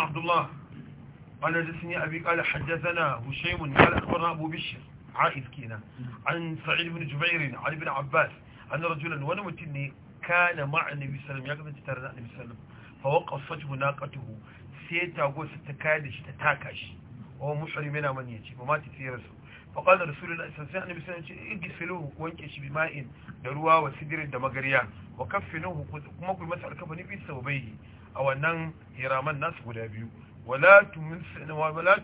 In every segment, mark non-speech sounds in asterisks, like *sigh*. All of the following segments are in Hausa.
حدثنا عبد الله قال حدثني أبي قال حدثنا هشيم قال أخبرنا أبو بشر عائد كينا عن سعيد بن جبير عن ابن عباس أن رجلا ونمتني كان مع النبي صلى الله عليه وسلم يقضي النبي صلى الله عليه وسلم فوقف فوقفته ناقته سيتا وستكادش تتاكش وهو محرم منا من يجي وما رسول فقال رسول الله صلى الله عليه وسلم اقفلوه وانكش بماء دروا وسدر دمقريا وكفنوه كما كل مسألة كفني في سببيه a wannan hiraman nasu guda biyu wala tu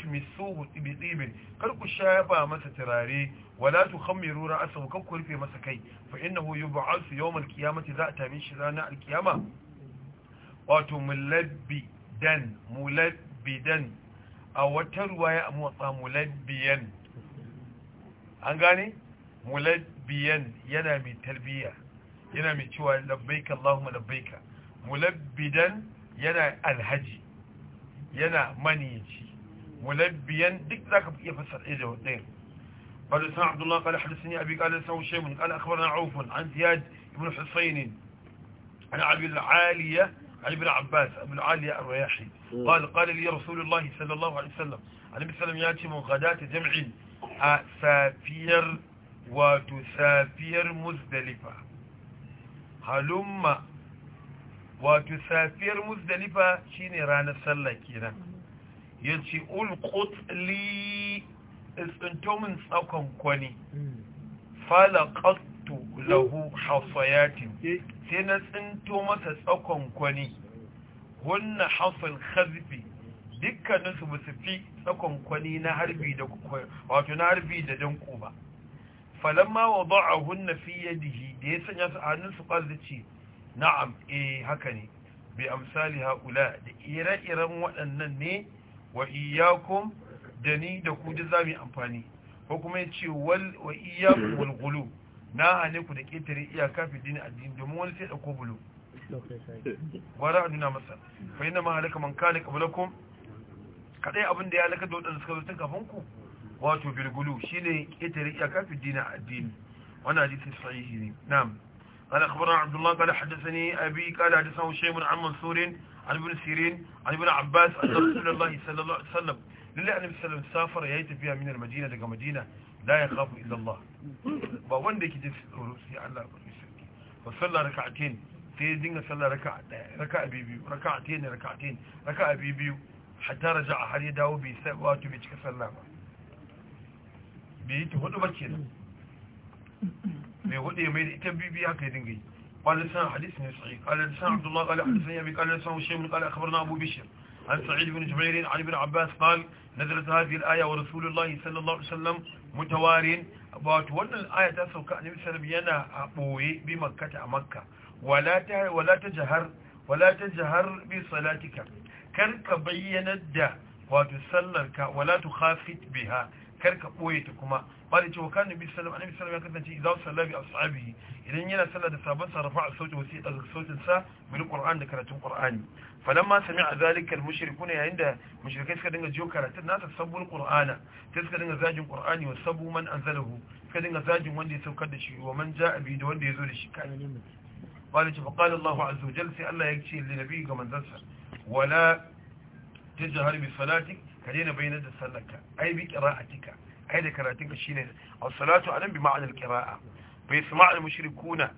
tumissuhu bitsibin kar ku shafa masa turare wala tukhammiru ra'sahu kar ku rufe masa kai fa innahu yub'athu yawm al-qiyamati za ta mishi ranar al-qiyama wato mulabbidan mulabbidan a wata ruwa ya motsa mulabbiyan an gane mulabbiyan yana mai tarbiya yana mai cewa labbaika Allahumma labbaika mulabbidan yana alhaji yana maniyaci ملبيا ديك ذاك يفسر إذا وثنين قال سنة عبد الله قال حدثني أبي قال سنة شيء قال أخبرنا عوف عن زياد بن حسين عن أبي العالية عن ابن عباس أبو العالية الرياحي قال قال لي رسول الله صلى الله عليه وسلم عليه وسلم ياتي من غداة جمع أسافير وتسافير مزدلفة هلما wato safiyar muzdalifa shine ranar sallah kenan yace ulqut li istintumin tsakon kwani falaqattu lahu hasayatin sai na tsinto masa tsakon kwani hunna hasal khazfi dukkanin su basu fi tsakon kwani na harbi da wato na harbi da danko ba falamma wada'ahunna fi da ya sanya su a hannun su ce. na'am eh haka ne bi amsali haula da ire-iren waɗannan ne wa iyyakum da ni da ku da zamu amfani ko kuma yace wal wa iyyakum wal gulu na hane ku da ketare iyaka fi dini addini domin wani sai da ko bulu wara nuna masa fa inna ma halaka man kana qablakum kadai abin da ya halaka da waɗanda suka zo tun kafin ku wato bilgulu shine ketare iyaka fi dini addini wannan hadisi sahihi ne na'am قال أخبرنا عبد الله قال حدثني أبي قال حدثه شيء من عن منصور عن ابن سيرين عن ابن عباس أن رسول الله صلى الله عليه وسلم لله النبي صلى الله عليه وسلم سافر يأتي فيها من المدينة لقى مدينة لا يخاف إلا الله وان ديك جس روسي الله فصلى ركعتين sai dinga sallar raka'a daya raka'a biyu raka'a ne raka'a raka'a biyu hatta raja a har ya dawo bai sai wato bai cika sallah ba bai yi ta hudu ba kenan bai hudu mai ita bibi haka dinga قال لسان حديث صحيح قال لسان عبد الله قال حدثني أبي قال لسان هشام قال أخبرنا أبو بشر عن سعيد بن جبير عن ابن عباس قال نزلت هذه الآية ورسول الله صلى الله عليه وسلم متوار ون الآية تسوق أن يسلم بينا أبوي بمكة مكة ولا ولا تجهر ولا تجهر بصلاتك كرك بين الدا وتسلرك ولا تخافت بها kar ka koye ta kuma bada cewa kan nabi sallallahu alaihi wasallam ya kasance idan sallah bi ashabihi idan yana sallah da sabon sa rafa'a sauti wasi a sautin sa bil qur'an da karatun qur'ani falamma sami'a zalika al mushrikun yayin da mushrikai suka dinga jiyo karatun nasa sabbul qur'ana sai suka dinga zagin qur'ani wa sabu man anzalahu suka dinga zagin wanda ya saukar da shi wa man ja'a bi da wanda ya zo da shi kan bada cewa qala Allahu azza wa jalla sai Allah ya ce li nabi ga manzansa wala tajhar bi salatik ka daina bayyana da sallarka ai bi qira'atika ai da karatunka shine as-salatu anan bi ma'anar qira'a bai sama'al mushrikuna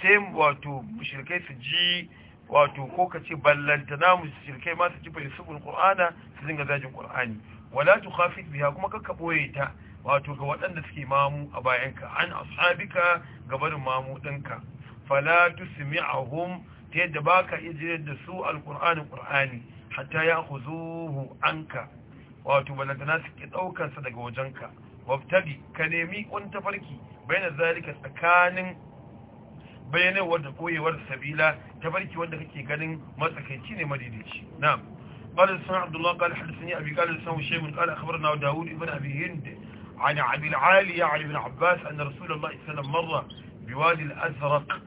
sai wato mushrikai su ji wato ko ka ce na mushrikai ma su ji bai subul qur'ana su dinga zajin qur'ani wala tukhafit biha kuma kaka boye ta wato ga waɗanda suke mamu a bayanka an ashabika ga barin mamu ɗinka fala tusmi'ahum ta yadda baka iya da su alqur'ani qur'ani hatta ya huzuhu anka wato balantana suke ɗaukarsa daga wajenka wabtadi ka nemi wani tafarki bayan zalika tsakanin bayanarwar da koyewar sabila tafarki wanda kake ganin matsakaici ne madaidaici na'am قال سنة عبد الله قال حدثني أبي قال سنة شيء قال أخبرنا داود بن أبي هند عن أبي العالي عن ابن عباس أن رسول الله صلى الله عليه وسلم مر بوادي الأزرق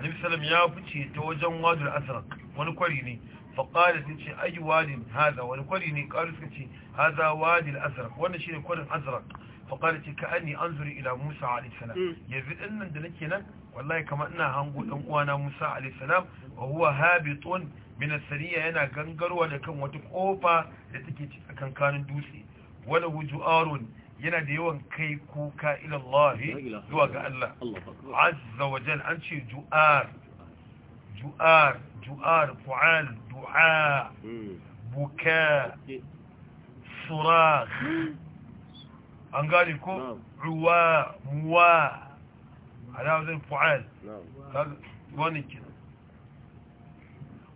النبي صلى الله عليه وسلم يا فتي وادي wani kwari ne faƙari sun ce ayi wadin haza wani kwari ne ƙari suka ce haza wadin azraq wannan shi ne kwarin azraq faƙari ce ka ani an zuri ila musa alaihissalam hmm. yanzu ɗin nan da nake nan wallahi kamar ina hango ɗan uwana musa alaihissalam wa huwa habitun min yana gangarwa da kan wata ƙofa da take tsakankanin dutse wala wujuarun yana da yawan kai kuka ila Allah zuwa ga Allah azza wajen an ce ju'ar جؤار جؤار فعال دعاء بكاء صراخ انغاليكو نعم. عواء موا على هذا الفعال نعم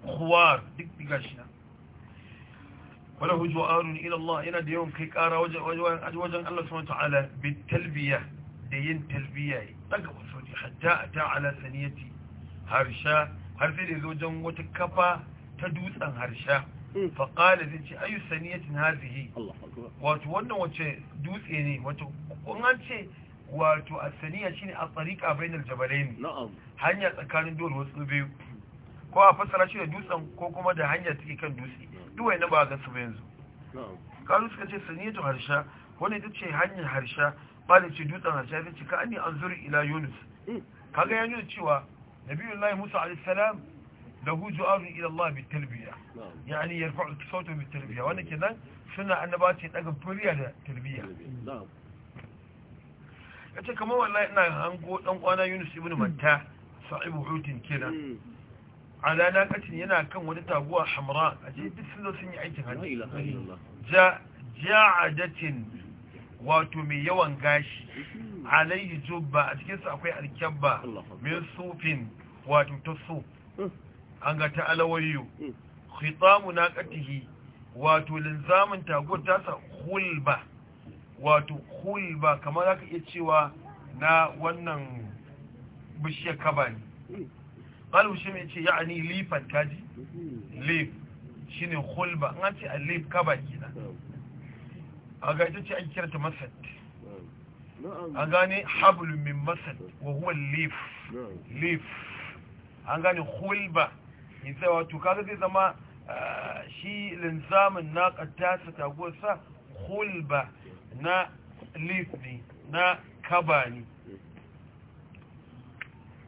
خوار ديك ديكاشا وله جوار الى الله الى ديون كي قارا وجه الله سبحانه وتعالى بالتلبية دين تلبية تقوى سودي حتى اتى على ثنيتي هارشا har sai da ya zo wajen wata kafa ta dutsen harsha hmm. faƙala zai ce ayu saniyatin hazihi wato wannan wace dutse ne wato an ce wato a saniya shine a tsarika jabalai ne. hanya tsakanin dole wasu biyu ko a fassara shi da dutsen ko kuma da hanya take kan dutse duwai na ba a su ba yanzu kalu suka ce saniyatu harsha wani ita ce hanyar harsha ɓalin ce dutsen harsha zai ce ka an yi an zuri ila yunus hmm. kaga ya nuna cewa نبي موسى عليه السلام له جوار إلى الله بالتلبية يعني يرفع صوته بالتلبية وأنا كذا سنة النبات يتقن بريا تلبية yace kamar wallahi ina hango dan kwana Yunus ibn Matta sa'ibu hutin kira hmm. ala naqatin yana kan wani taguwa hamra aje duk sun sun yi aikin hajji ja ja'adatin wato mai yawan gashi hmm. alayhi jubba a cikinsu akwai alkabba min sufin wato tasu hmm. an ga ta alawayyo hmm. khitamu na katihi wato linzamin ta sa hulba wato hulba kamar za ka iya cewa na wannan bishiyar kaba ne ƙalu hmm. shi mai ce ya'ani lifan kaji lif shi ne hulba an ce a lif kaba gina a gaji ce an kirta masad a gane hablu min masad wa huwa lif lif an gane hulba isa wato kaga zai zama shi linzamin na ƙaddasa sa khulba na lifni na kabani ne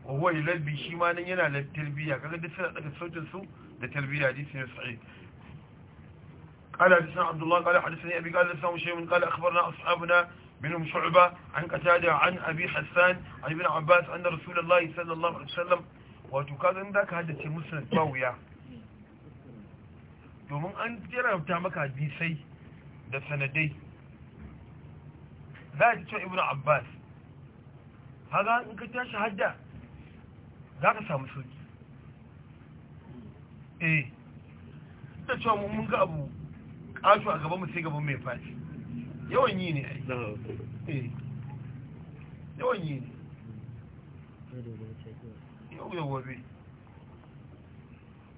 wahuwa ilalbi shi ma nan yana da talbiya kaga duk suna daga su da talbiya hadisi ne sa'i قال حدثنا عبد الله قال حدثني أبي قال لسنا شيء من قال أخبرنا أصحابنا منهم شعبة عن قتادة عن أبي حسان عن ابن عباس أن رسول الله صلى الله عليه وسلم wato kaga da ka haddace musu ba wuya domin an jirauta maka bisai da sanadai za a ci cewa ibn abbas haga in ka tashi hadda za ka samu soki eh da cewa mun ga abu kashu a mu sai gaban mai fashi yawan yi ne ai eh, yawan yi ne yau da gobe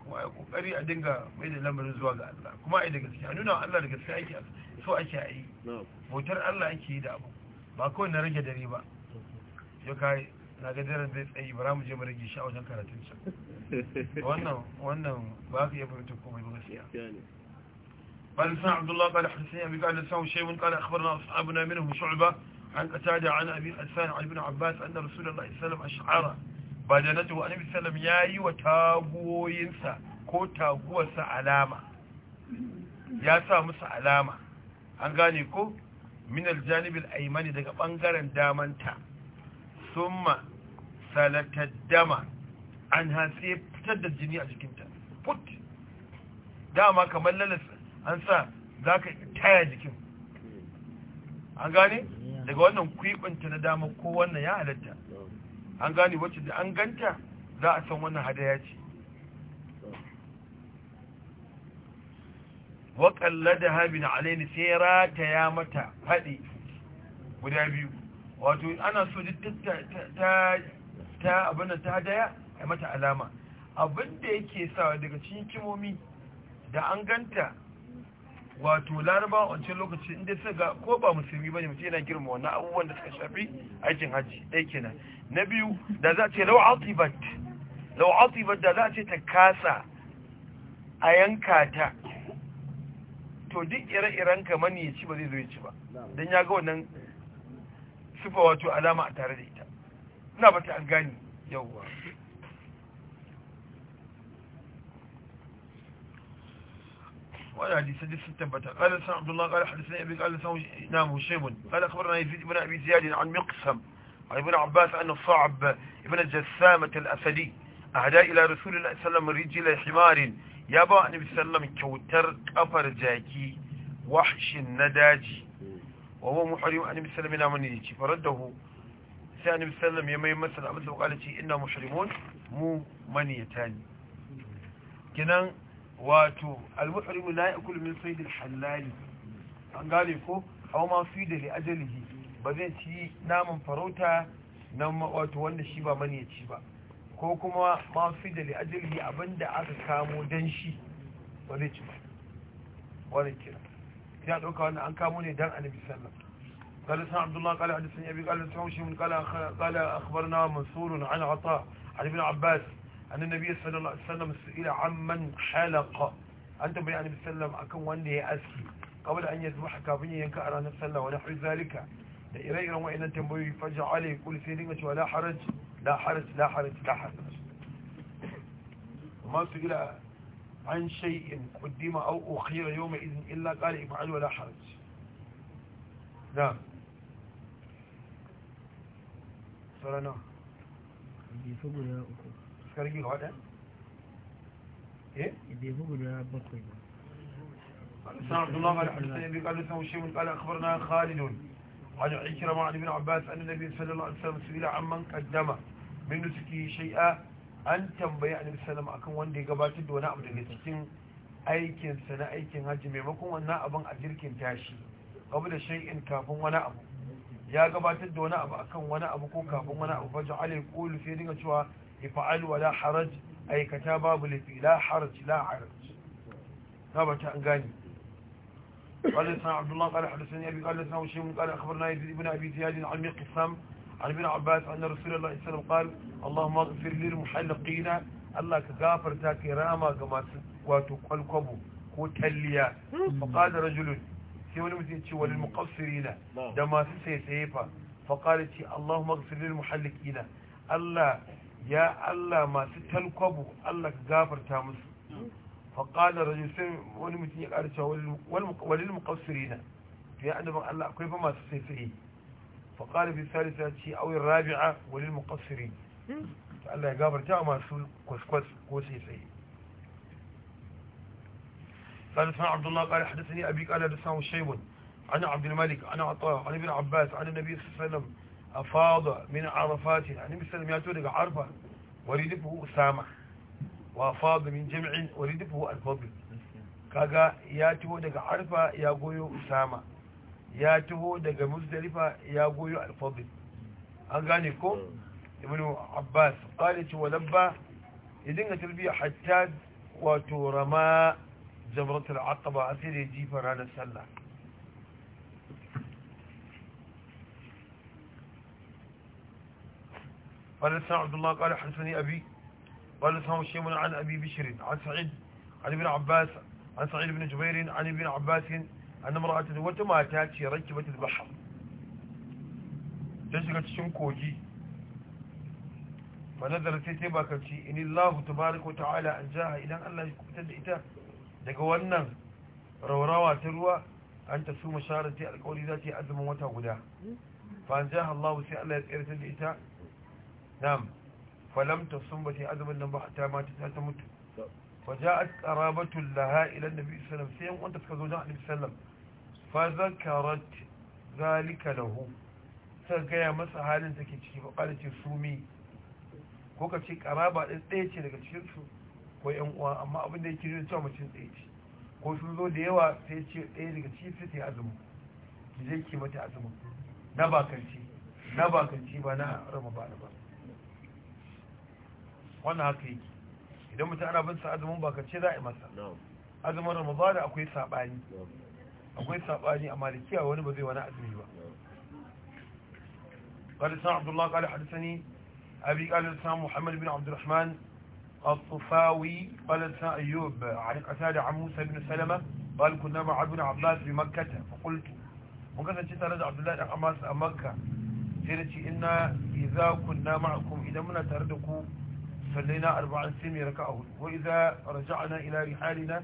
kuma a kokari a dinga mai da lamarin zuwa ga Allah kuma a yi da gaske a nuna Allah da gaske ake so ake a yi Allah ake yi da abu ba kawai na rage dare ba yau kai na ga daren zai tsaye bara mu je mu rage shi a wajen karatun can *laughs* wannan wannan ba ka iya fahimtar komai ba gaskiya قال سمع عبد الله قال حدثني أبي قال لسان شيء قال أخبرنا أصحابنا منهم شعبة عن قتادة عن أبي حسان عن ابن عباس أن رسول الله صلى الله عليه وسلم أشعر ba da na tuhu annabi sallam ya yi wa taguwoyinsa ko taguwarsa alama ya sa musu alama an gane ko minal janibin aimani daga ɓangaren damanta summa salatar dama an hasi fitar da jini a jikinta put dama kamar lalas an sa za ka taya jikin an gane daga wannan kwiɓinta na dama ko wannan ya halatta an gane wacce da an ganta za a san wannan hadaya ce waƙalla da habin alaini sai ta ya mata haɗe guda biyu wato ana so ta abinan ta hadaya ya mata alama abinda yake sawa daga cikin kimomi da an ganta wato laraba a wancan lokaci inda suka ga ko ba musulmi bane mutum yana girma wani abubuwan da suka shafi aikin hajji ɗaya kenan na biyu da za ce lau altibat lau altibat da za ce ta kasa a yanka ta to duk ire-iren ka mani ya ci ba zai zo ya ci ba don ya ga wannan sufa wato alama a tare da ita ina ba ta an gani yawwa ولا حديث حديث تبت قال سيدنا عبد الله قال حدثنا أبي قال حدثنا نام هشام قال أخبرنا يزيد بن أبي زياد عن مقسم عن ابن عباس أن الصعب ابن الجسامة الأسدي أهدى إلى رسول الله صلى الله عليه وسلم رجل حمار يابا النبي صلى الله عليه وسلم كوتر أفر جاكي وحش النداجي وهو محرم النبي صلى الله عليه وسلم يجي فرده sai annabi sallam ya mai masa abin da kwalaci ina mushrimun mu maniyatani kinan wato al-muhrimu la ya'kulu min saydil halali an gane ko aw ma fi da li ajalihi ba zai ci naman farauta na wato wanda shi ba mani ya ci ba ko kuma ma fi da li ajalihi abinda aka kamo dan shi ba zai ci ba wannan kira ya dauka wannan an kamo ne dan annabi sallallahu قال سمع عبد الله قال حدثني ابي قال سمع قال قال اخبرنا منصور عن عطاء عن ابن عباس أن النبي صلى الله عليه وسلم سئل عمن حلق أنت يعني بسلم أكون وانده أسكي قبل أن يذبح بني ينكا على نفسه ونحو ذلك إليه وإن إن تنبوي فجع عليه كل سيدينة ولا حرج لا حرج لا حرج لا حرج وما سئل عن شيء قدم أو أخير يومئذ إلا قال افعل ولا حرج نعم صلى الله عليه وسلم suka ga waɗanda eh idan bakwai an tambaye annabi sallallahu alaihi akan wanda ya gabatar da wani abu daga cikin aikinsa na aikin haji maimakon wannan abin a jirkin tashi abu da shay'in kafin wani abu ya gabatar da wani abu akan wani abu ko kafin wani abu faja alai sai dinga cewa ifa’al wa la’araj aikata babu lafi la’araj la’araj sabata an gani wadda sanar abdullahi kala hadisun ya bi kala sanar shi mun kala akabar na yi zibin abiti ya jin almin kisam albin abbas an narasu da la’isa da kwal allah mazafir lir muhallakina allah ka gafar ta ke rama ga masu wato kwalkwabo ko talliya faƙada rajulun sai wani mutum ce wani mukafsirina da masu sai sai fa faƙada ce allah mazafir lir muhallakina allah ya Allah masu talkwabo Allah ka gafarta musu faƙalar rajul sai wani mutum ya ƙara cewa walil muƙassiri na to ya annabin Allah akwai fa masu saisaye faƙalar fi salisa ce awin rabi'a walil muƙassiri ta Allah ya gafarta masu kwaskwas ko saisaye ثالثا عبد الله قال حدثني أبي قال حدثناه شيب عن عبد الملك عن عطاء عن ابن عباس عن النبي صلى الله عليه وسلم afada min arafat annabi sallam ya to daga arfa wariduhu usama wa afada min jam'in wariduhu al-fadl kaga ya taho daga arfa ya goyo usama ya taho daga muzdalifa ya goyo al an gane ko ibnu abbas qala wa ya idin ga tarbiya hatta wato rama jamratul aqaba asiri jifa ranar sallah قال لسان عبد الله قال حدثني أبي قال لسان الشيخ عن أبي بشر عن سعيد عن ابن عباس عن سعيد بن جبير عن ابن عباس عن امرأة ما في رجبة البحر جسكت شنكوجي فنظر سيتيبا كالشي إن الله تبارك وتعالى أنجاها إلى أن لا يكون تدعيته روى روى تروى أن تسوم شارتي القول ذاتي أذم وتغدا فأنجاها الله سيئا لا يتقر تدعيته نعم فلم ta sun ba azumin nan ba hatta ma ta ta mutu fa a kara ba ila annabi sallallahu alaihi wasallam sai an wanda suka zo da annabi sallallahu fa zakarat zalika lahu ta gaya masa halin take ciki ba kala ce sumi ko ka ce karaba ɗin ɗaya ce daga su ko sun zo da yawa sai ce ɗaya daga cikin su ta azumi ki je ki mata azumi na bakanci na bakanci ba na rama ba ba wannan haka yake idan mutum ana binsa azumin bakarce za a yi masa azumin ramadana akwai saɓani akwai saɓani a malikiya wani ba zai wani azumi ba ƙarisar abdullahi ƙari hadisani abi ƙarisar muhammadu bin abdurrahman al-sufawi ƙarisar ayyub a ɗin da an musa salama ba al kunna ma abu na mun kasance tare da abdullahi ɗan amasa a makka sai da ce ina iza kunna ma'akum idan muna tare da ku صلينا أربع سمي ركعه وإذا رجعنا إلى رحالنا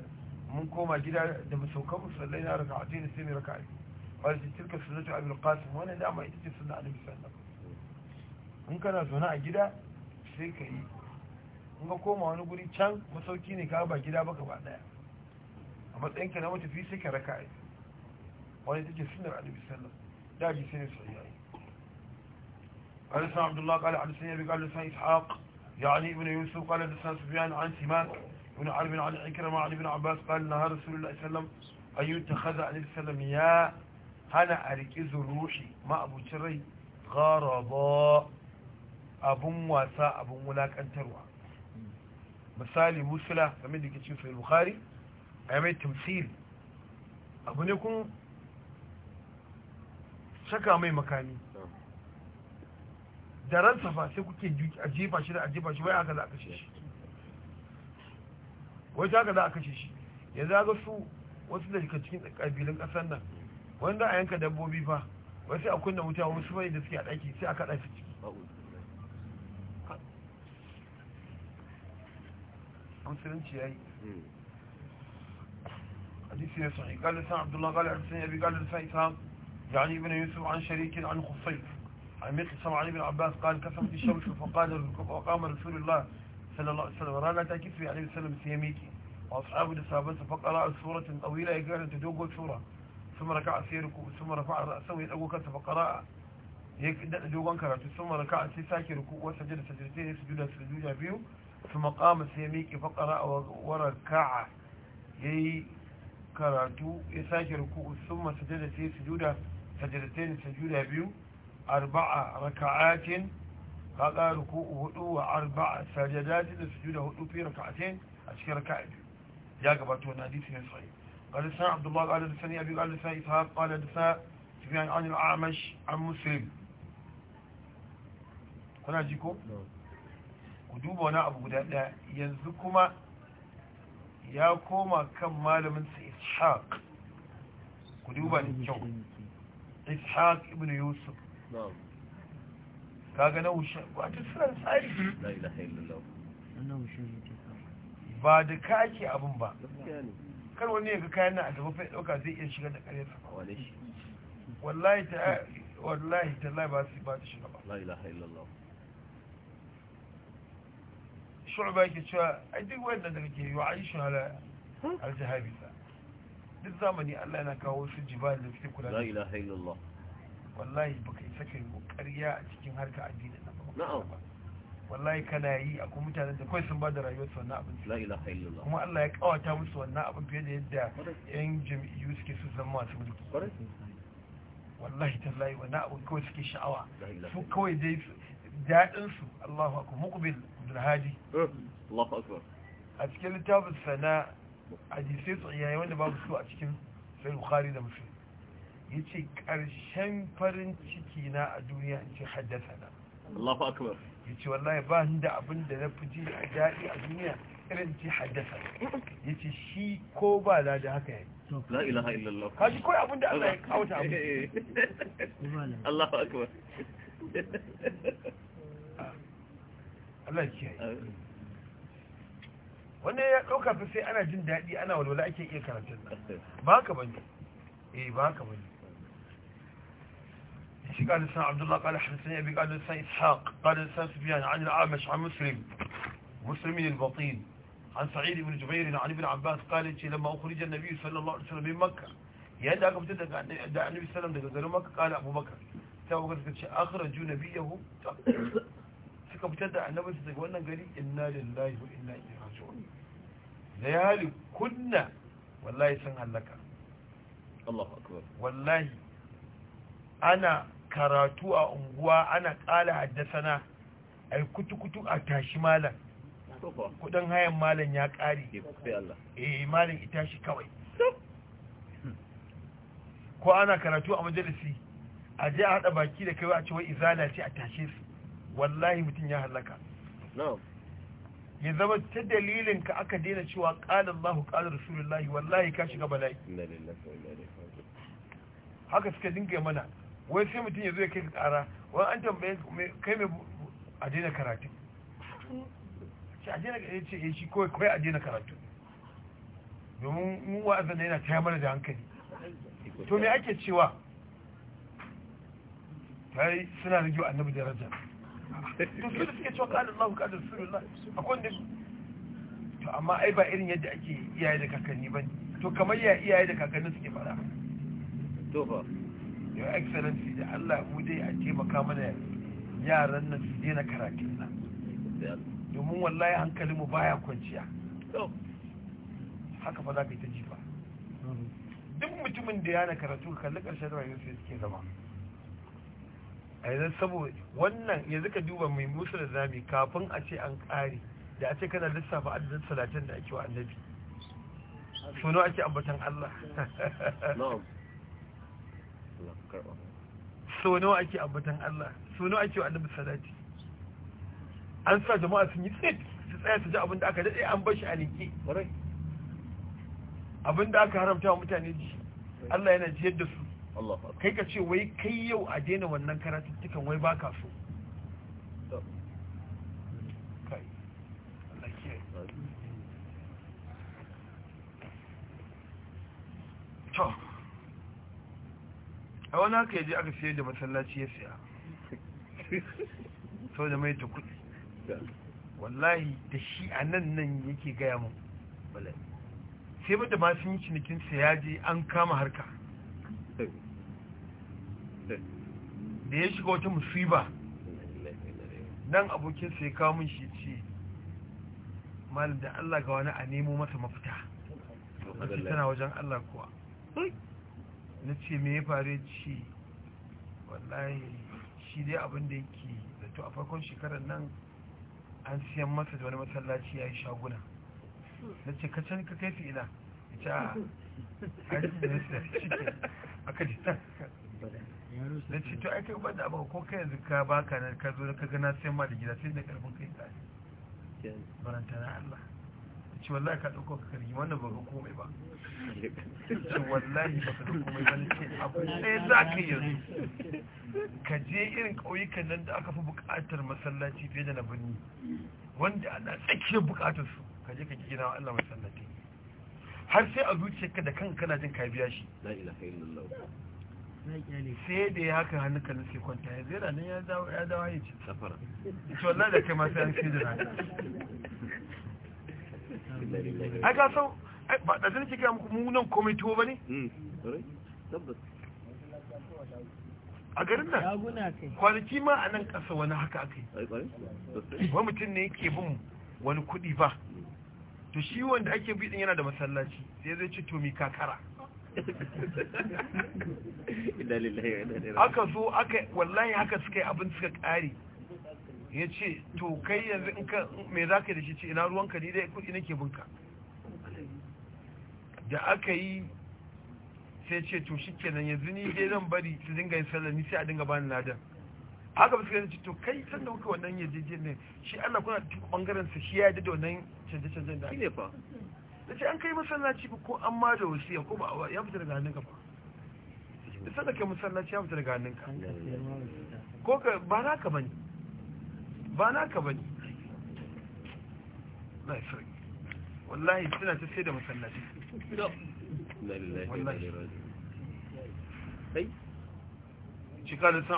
منكم جدا دمسوكم صلينا ركعتين سمي ركعة قالت تلك سنة أبي القاسم وانا لا ما يتسي سنة أنا بسنة إن كان سنة جدا سيكا إيه in ka koma wani guri can masauki ne ka ba gida ba gaba daya a matsayin ka na matafi sai ka raka aiki wani take قال عبد الله قال عبد السنة قال سيدنا إسحاق يعني ابن يوسف قال حدثنا سفيان عن سماك بن عرب عن عكرمة عن ابن عباس قال نهى رسول الله صلى الله عليه وسلم أن يتخذ عليه السلام يا هنا أركز روحي ما أبو شري غرضا أبو مواسى أبو ملاك أن تروى misali musula game da ke cikin bukhari a mai tamsiri abu ne kun saka mai makami da ran safa sai kuke a jefa shi da a jefa shi wai haka za a kashe shi wai haka za a kashe shi yanzu ga su wasu da daga cikin kabilun kasar nan wanda a yanka dabbobi fa wai sai a kunna wuta wasu mai da suke a daki sai a kada su ciki musulunci ya yi hadisi ya sahi galisan abdullahi galisan ya bi galisan لسان إسحاق ibn yusuf an عن شريك an خصيف عن ميقي صلى الله عليه بن عباس قال كثرت الشمس فقال وقام رسول الله صلى الله عليه وسلم رانا تأكيد في عليه وسلم سيميكي وأصحابه لسابته فقرأ سورة طويلة يقرأ تدوق سورة ثم ركع سيركو ثم رفع رأسه يدعو كتف فقرأ يدعو كرات ثم ركع سيساكي ركوع وسجد سجدتين سجود سجود فيه ثم قام سيميكي فقرأ وركع يي كراتو يساكي ركوع ثم سجد سجود سجدتين سجود فيه arba'a raka'atin kaga ruku'u hudu wa arba'a sajadati da sujuda hudu fi raka'atin a cikin raka'a ya gabato na قال سنا عبد الله قال سنا ابي قال سنا اسحاق قال سنا سفيان عن الاعمش عن مسلم kuna ku duba wani abu guda daya yanzu kuma ya koma kan malamin sa ishaq ku duba ni kyau ibn yusuf kaga na wushe tsari ba da kake abin ba kar wani ya ga kayan na a gaba fai dauka zai iya shiga da sa wallahi ta wallahi ta lai ba su ba ta shiga ba shu'ba yake cewa ai duk wannan da kake yi aishu ala aljahabi duk zamani Allah yana kawo su jibal da suke kula da la ilaha illallah wallahi baka isa kai ƙarya a cikin harka addinin nan ba wallahi kana yi a kuma mutanen da kawai sun ba da rayuwar su wannan abin kuma Allah ya kawata musu wannan abin fiye da yadda yan jami'u suke su zama masu mulki wallahi tallahi wannan abin kawai suke sha'awa su kawai dai daɗin su Allahu akbar muqbil Abdulhadi eh, Allahu akbar a cikin littafin sana hadisai tsayaye wanda babu su a cikin sai Bukhari da Muslim ya ce ƙarshen farin ciki na a duniya in ce haddasa na Allah akbar ya ce wallahi ba ni da abin da na fi a daɗi a duniya irin ce haddasa ya ce shi ko ba na da haka yi la ilaha illallah kaji kawai abin da Allah ya kawata abu eh, eh, eh. Allah akbar Allah ya kiyaye wanda ya ɗauka fi sai ana jin daɗi ana walwala ake iya karatun ba haka bane eh ba haka bane قال سنة عبد الله قال حدثني أبي قال سنة إسحاق قال سنة سبيان عن العامش عن مسلم مسلمين البطين عن سعيد بن جبير عن ابن عباس قال لما أخرج النبي صلى الله عليه وسلم من مكة يا أقف تدك عن النبي صلى الله عليه وسلم مكة قال أبو بكر تابع قلت قلت أخرجوا نبيه سكب تدك عن نبي صلى الله قال إنا لله وإنا إليه راجعون ليالي كنا والله سنها لك الله أكبر والله أنا karatu a unguwa ana ƙala haddasana ai kutu-kutu a tashi malam kudin hayan malam ya ƙari e eh, malam ita shi kawai hmm. ko ana karatu a majalisi a je a haɗa baki da kai a cewa izala ce a tashe su wallahi mutum ya hallaka ya zama ta dalilin ka aka daina cewa ƙalar Allah ƙalar Rasulullahi wallahi ka shiga bala'i haka suka dinga mana wai sai mutum ya zo ya kai ka tsara wai an tambaye kai mai a daina karatu ce a daina ya ce ya eh, shi kawai kawai a daina karatu domin mu wa'azan na yana taya mana da hankali to me ake cewa ta yi suna rigiyo annabi daraja to su da suke cewa kanin Allah kanin surullah a kwanne to amma ai ba irin yadda ake iyaye da kakanni ba to kamar ya iyaye da kakanni suke fara to ba your excellency da allah mu dai a taimaka mana yaran nan su dena karatun nan domin wallahi mu baya kwanciya haka fa za ka yi ta jifa duk mutumin da yana karatu kalli karshen rayuwar sai suke zama a yanzu saboda wannan yanzu ka duba mai musu da zami kafin a ce an kari da a ce kana lissafa adadin salatin da ake wa annabi suno ake ambatan Allah so nawa ake ambatan Allah so nawa ake wa annabi salati an sa jama'a sun yi tsit su tsaya su ji abinda aka dade an bashi shi a linke abinda aka haramta wa mutane ji Allah yana jiyar da su kai ka ce wai kai yau a daina wannan karatuttukan wai baka so to a wani aka yaji aka sayar da masallaci ya siya sau da mai ta wallahi da shi a nan nan yake gaya mu sai ba da masu yi cinikin je an kama harka da ya shiga wata musiba nan abokin sai kamun shi ce malam da Allah ga wani a nemo masa mafita tana wajen Allah kuwa na ce me ya faru ce wallahi shi dai abin da yake zato a farkon shekarar nan an siyan masa da wani masallaci ya yi shaguna na ce ka can ka kai su ina ya ce a harin da su aka ji ta na ce to aika ba da abu ko kai yanzu ka baka na ka zo da ka gana sai ma da gida sai da karfin kai ta barantana Allah ce wallahi ka dauko ka kargi wannan ba ga komai ba ce wallahi ba ka ga komai ba ce abu ɗaya za ka yanzu ka je irin ƙauyukan nan da aka fi buƙatar masallaci fiye da na birni wanda ana tsakiyar buƙatar su ka je ka gina wa Allah masallaci har sai a ka da kanka kana jin ka biya shi la ilaha illallah sai da ya haka hannu kan sai kwanta ya zira ne ya dawo ya ce ya safara to wallahi da kai masu sai sai da a ga ba da kika munan ba ne? Hmm, a garin nan kwanaki ma a nan ƙasa wani haka aka yi wani mutum ne yake bin wani kuɗi ba to shi wanda ake bi din yana da masallaci sai zai ci to mi kakara *laughs* aka so aka wallahi haka suka yi abin suka kare. ya ce to kai yanzu in ka mai za ka da shi ce ina ruwanka ne dai kudi nake binka da aka yi sai ce to shi kenan yanzu ni dai zan bari su dinga yin sallah ni sai a dinga bani ladan haka ba su gani ce to kai san da kuka wannan yajeje ne shi Allah kuna tuka bangaren sa shi ya yi da wannan canje canje da ne fa da ce an kai masallaci ba ko an ma da wasiya ko ba ya fita daga hannunka ba da sadaka masallaci ya fita daga hannunka ko ka ba ka bane ba naka bane lai wallahi suna ta sai da masallaci san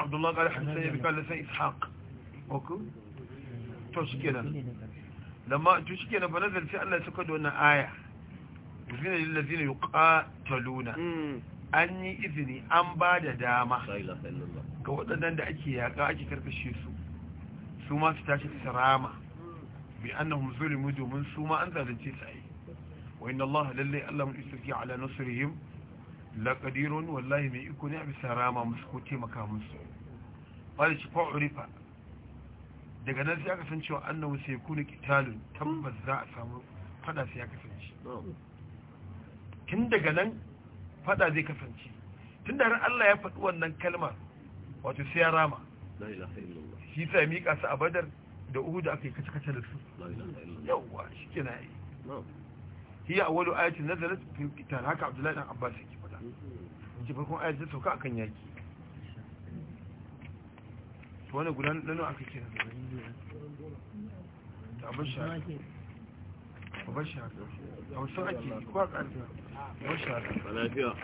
abdullahi san ishaq to shi lamma to shi Allah da aya zina lillazina hmm. an yi izini an ba da dama ga waɗannan da ake yaƙa ake karfashe su su ma su tashi su rama bi annahum zulimu domin su ma an zalunce su ai wa inna Allah lalle Allah mun istirki ala nusrihim la qadirun wallahi mai iko ne a bisa rama musu ko taimaka musu wani shi fa urifa daga nan sai aka san cewa annahu sai kuna kitalun tabbas za a samu fada sai ya kasance tun daga nan fada zai kasance tun da har Allah ya faɗi wannan kalmar wato sai ya rama la ilaha illallah shi sai miƙa su a badar da uhu da aka yi kacakaca da su yawwa shi ke na yi shi a wani ayatun nazarar fitar haka abdullahi dan abbas ya ke fada ji farkon ayatun sauka akan yaki to wani guda nanu aka ke nazarar da abin shahara abin shahara a wasu ake ko a ƙarfi abin shahara